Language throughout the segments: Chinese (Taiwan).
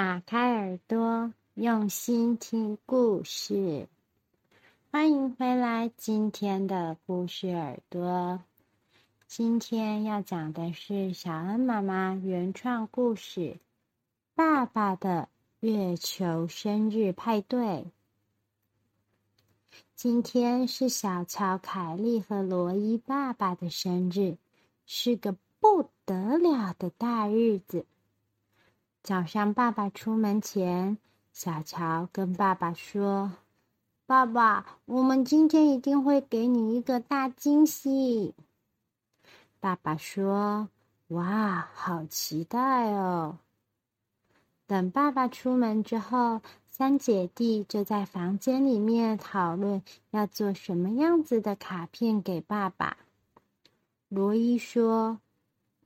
打開耳朵，用心聽故事。歡迎回來，今天的故事耳朵。今天要講的是小恩媽媽原創故事《爸爸的月球生日派對》。今天是小喬、凱莉和羅伊爸爸的生日，是個不得了的大日子。早上，爸爸出門前，小喬跟爸爸說：“爸爸，我們今天一定會給你一個大驚喜。”爸爸說：“哇，好期待哦！”等爸爸出門之後，三姐弟就在房間裡面討論要做什麼樣子的卡片給爸爸。羅伊說：“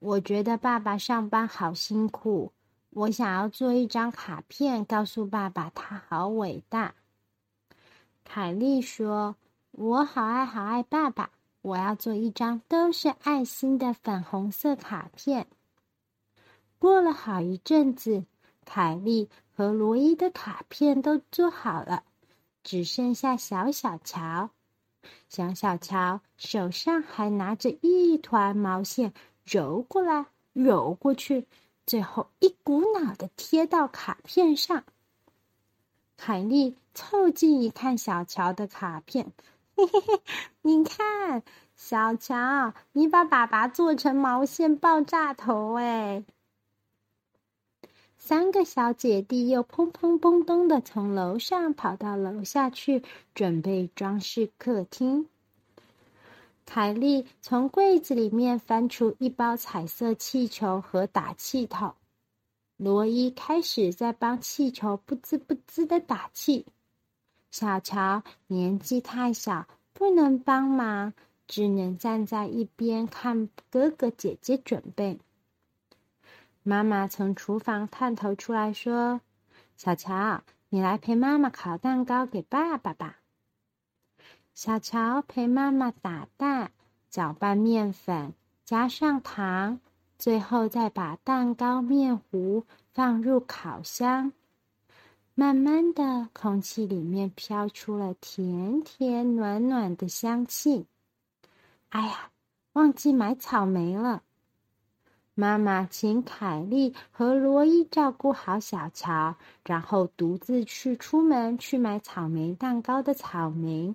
我覺得爸爸上班好辛苦。”我想要做一張卡片，告訴爸爸他好偉大。凱莉說：“我好愛好愛爸爸，我要做一張都是愛心的粉紅色卡片。”過了好一陣子，凱莉和羅伊的卡片都做好了，只剩下小小喬。小小喬手上還拿着一團毛線，揉過來揉過去。最後一股腦的貼到卡片上。凱莉湊近一看，小喬的卡片，嘿嘿嘿，你看，小喬，你把粑粑做成毛線爆炸頭哎！三個小姐弟又砰砰砰咚，的從樓上跑到樓下去，準備裝飾客廳。凱莉從櫃子裡面翻出一包彩色氣球和打氣筒，羅伊開始在幫氣球“噗滋噗滋”的打氣。小喬年紀太小，不能幫忙，只能站在一邊看哥哥姐姐準備。媽媽從廚房探頭出來說：“小喬，你來陪媽媽烤蛋糕給爸爸吧。”小喬陪媽媽打蛋，攪拌麵粉，加上糖，最後再把蛋糕麵糊放入烤箱。慢慢的，空氣裡面飄出了甜甜暖暖的香氣。哎呀，忘記買草莓了！媽媽請凱莉和羅伊照顧好小喬，然後獨自去出門去買草莓蛋糕的草莓。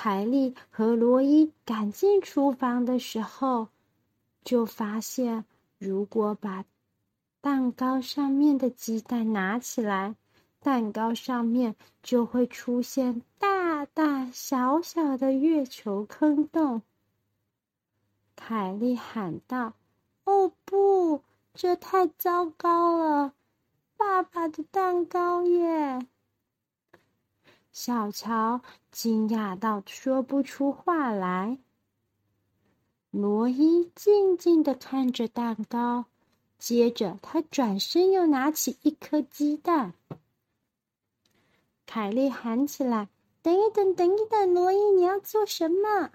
凱莉和羅伊趕進廚房的時候，就發現，如果把蛋糕上面的雞蛋拿起來，蛋糕上面就會出現大大小小的月球坑洞。凱莉喊道：“哦不，這太糟糕了！爸爸的蛋糕耶！”小喬驚訝到說不出話來。羅伊靜靜地看着蛋糕，接着他轉身又拿起一顆雞蛋。凱莉喊起來：“等一等，等一等，羅伊，你要做什麼？”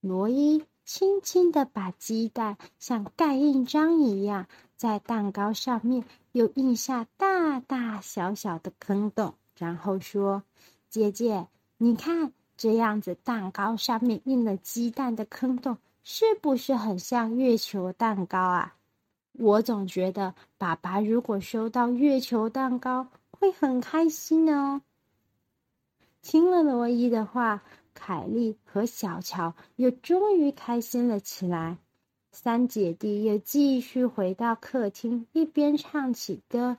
羅伊輕輕的把雞蛋像蓋印章一樣，在蛋糕上面又印下大大小小的坑洞。然後說：“姐姐，你看這樣子，蛋糕上面印了雞蛋的坑洞，是不是很像月球蛋糕啊？我總覺得爸爸如果收到月球蛋糕，會很開心哦。”聽了羅伊的話，凱莉和小喬又終於開心了起來。三姐弟又繼續回到客廳，一邊唱起歌。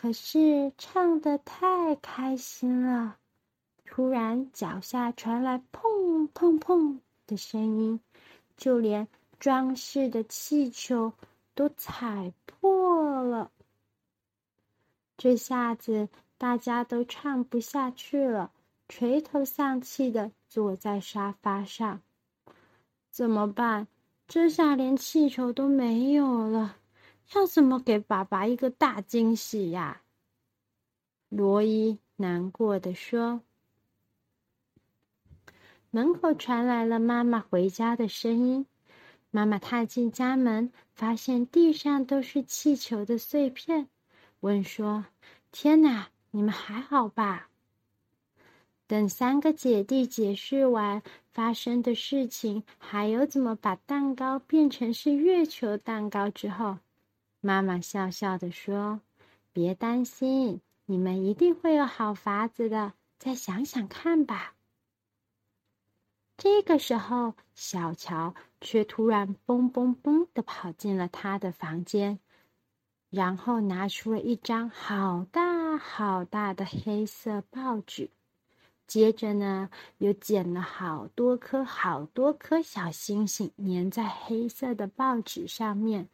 可是唱的太開心了，突然腳下傳來砰砰砰的聲音，就連裝飾的氣球都踩破了。這下子大家都唱不下去了，垂頭喪氣的坐在沙發上。怎麼辦？這下連氣球都沒有了。要怎麼給爸爸一個大驚喜呀、啊？羅伊難過地說。門口傳來了媽媽回家的聲音。媽媽踏進家門，發現地上都是氣球的碎片，問說：“天哪，你們還好吧？”等三個姐弟解釋完發生的事情，還有怎麼把蛋糕變成是月球蛋糕之後。媽媽笑笑地說：“別擔心，你們一定會有好法子的，再想想看吧。”這個時候，小喬卻突然“嘣嘣嘣”的跑進了他的房間，然後拿出了一張好大好大的黑色報紙，接着呢，又剪了好多顆好多顆小星星，粘在黑色的報紙上面。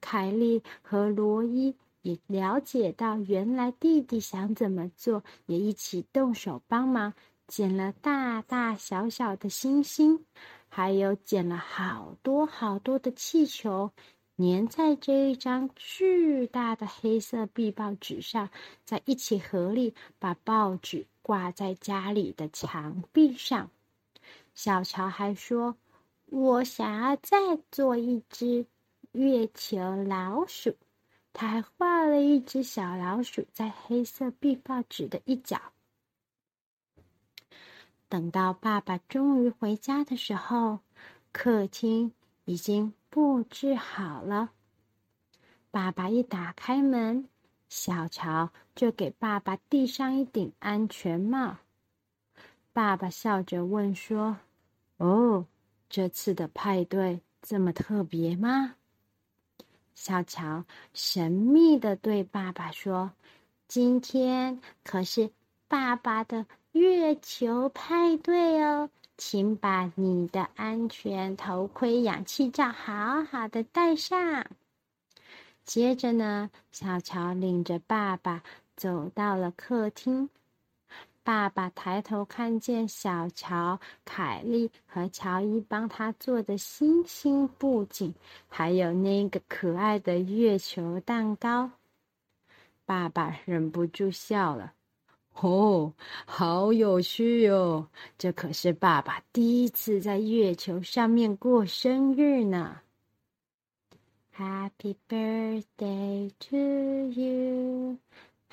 凱莉和羅伊也了解到，原來弟弟想怎麼做，也一起動手幫忙，剪了大大小小的星星，還有剪了好多好多的氣球，粘在這一張巨大的黑色壁報紙上，再一起合力把報紙掛在家裡的牆壁上。小喬還說：“我想要再做一隻。”月球老鼠，他還畫了一隻小老鼠在黑色壁報紙的一角。等到爸爸終於回家的時候，客廳已經佈置好了。爸爸一打開門，小喬就給爸爸遞上一頂安全帽。爸爸笑着問說：“哦，這次的派對這麼特別嗎？”小喬神秘地對爸爸說：“今天可是爸爸的月球派對哦，請把你的安全頭盔、氧氣罩好好的戴上。”接着呢，小喬領着爸爸走到了客廳。爸爸抬頭看見小喬、凱莉和喬伊幫他做的星星布景，還有那個可愛的月球蛋糕，爸爸忍不住笑了。哦，好有趣喲、哦！這可是爸爸第一次在月球上面過生日呢。Happy birthday to you.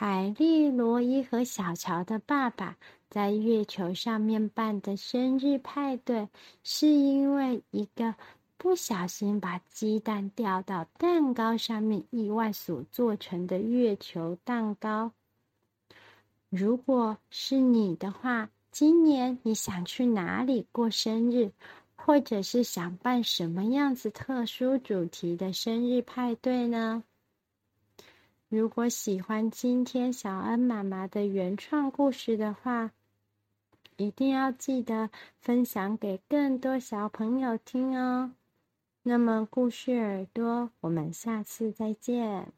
凱莉、羅伊和小喬的爸爸在月球上面辦的生日派對，是因為一個不小心把雞蛋掉到蛋糕上面，意外所做成的月球蛋糕。如果是你的話，今年你想去哪裡過生日，或者是想辦什麼樣子特殊主題的生日派對呢？如果喜歡今天小恩媽媽的原創故事的話，一定要記得分享給更多小朋友聽哦。那麼，故事耳朵，我們下次再見。